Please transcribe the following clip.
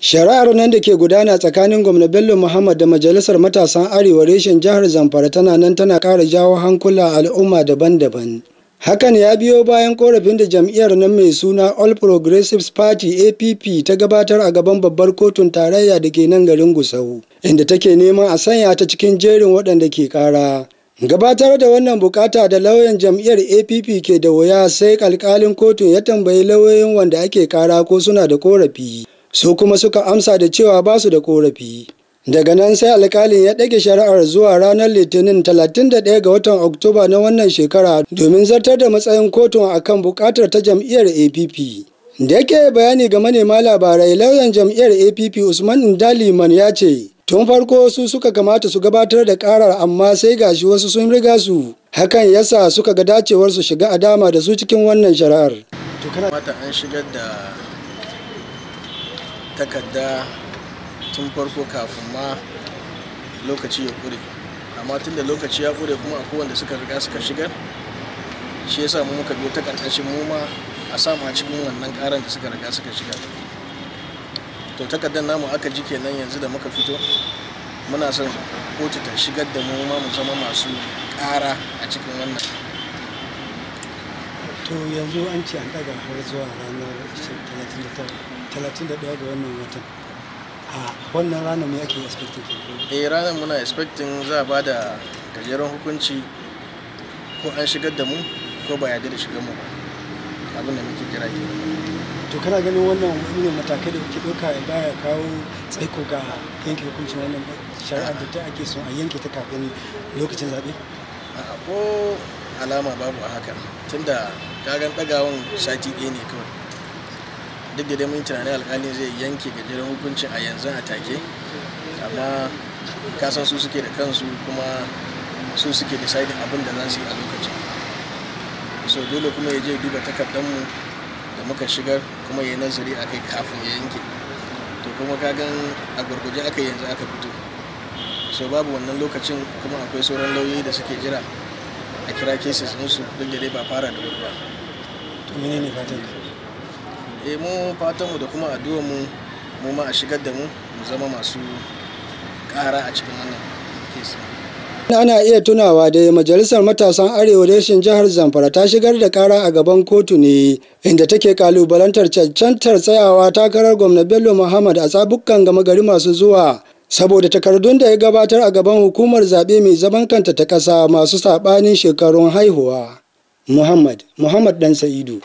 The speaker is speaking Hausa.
Shari'ar nan da ke gudana tsakanin gwamna Bello Muhammad da Majalisar Matasan Arewa reshen jihar Zamfara tana nan tana ƙara jawo hankula al'umma daban-daban. Hakan ya biyo bayan korafin da jam'iyyar nan mai suna All Progressives Party APP ta gabatar a gaban babbar kotun tarayya da ke nan garin Gusau, inda take neman a sanya ta cikin jerin waɗanda ke ƙara. Gabatar da wannan bukata da lauyan jam'iyyar APP ke da wuya sai alkalin kotun ya tambayi lauyoyin wanda ake ƙara ko suna da korafi. su kuma suka amsa da cewa ba su da korafi daga nan sai alkalin ya ɗage shari'ar zuwa ranar litinin 31 ga watan oktoba na wannan shekara domin zartar da matsayin kotun akan buƙatar ta jam'iyyar app da yake bayani ga manema labarai lauyan jam'iyyar app usman Ndaliman ya ce tun farko su suka kamata su gabatar da karar amma sai gashi wasu sun riga su hakan yasa suka ga dacewar su shiga a dama da su cikin wannan shari'ar takarda tun farko kafin ma lokaci ya kure amma tun da lokaci ya kure kuma akwai wanda suka riga suka shigar shi yasa mu muka biyo ta karkashin mu ma a samu a cikin wannan karan da suka riga suka shiga to takardar namu aka ji kenan yanzu da muka fito muna son kotu ta shigar da mu ma mu zama masu kara a cikin wannan to yanzu an ce an daga har zuwa ranar 31 ga wannan watan a wannan ranar mai ake expecting eh ranar muna expecting za a bada gajeren hukunci ko an shigar da mu ko ba yadda da shigar mu ba abin da muke kira ke to kana ganin wannan wani matakai da kuke doka ya baya kawo tsaiko ga yanke hukuncin wannan shari'ar da ta ake son a yanke ta kafin lokacin zaɓe? a ko alama babu a haka tunda kagan ɗagawan sati ɗaya ne kawai duk da tunanin alkalin zai yanke gajeren hukuncin a yanzu a take amma kasan su suke da kansu kuma su suke decidin abin da za su yi a lokacin so dole kuma ya je duba takardanmu da muka shigar kuma ya nazari a kai kafin ya yanke to kuma kagan a gurguje aka yanzu aka fito so babu wannan lokacin kuma akwai sauran lauyoyi da suke jira a kira cases su don da dai ba fara da wuri ba to mene ne fatan eh mu fatan mu da kuma addu'a mu mu ma a shigar da mu mu zama masu ƙara a cikin wannan case ana iya tunawa da majalisar matasan arewa reshen jihar zamfara ta shigar da kara a gaban kotu ne inda take kalubalantar cancantar tsayawa takarar gwamna bello muhammad a tsabukan gama gari masu zuwa saboda takardun da ya gabatar a gaban hukumar zaɓe mai zaman kanta ta ƙasa masu saɓanin shekarun haihuwa muhammad muhammad dan sa'idu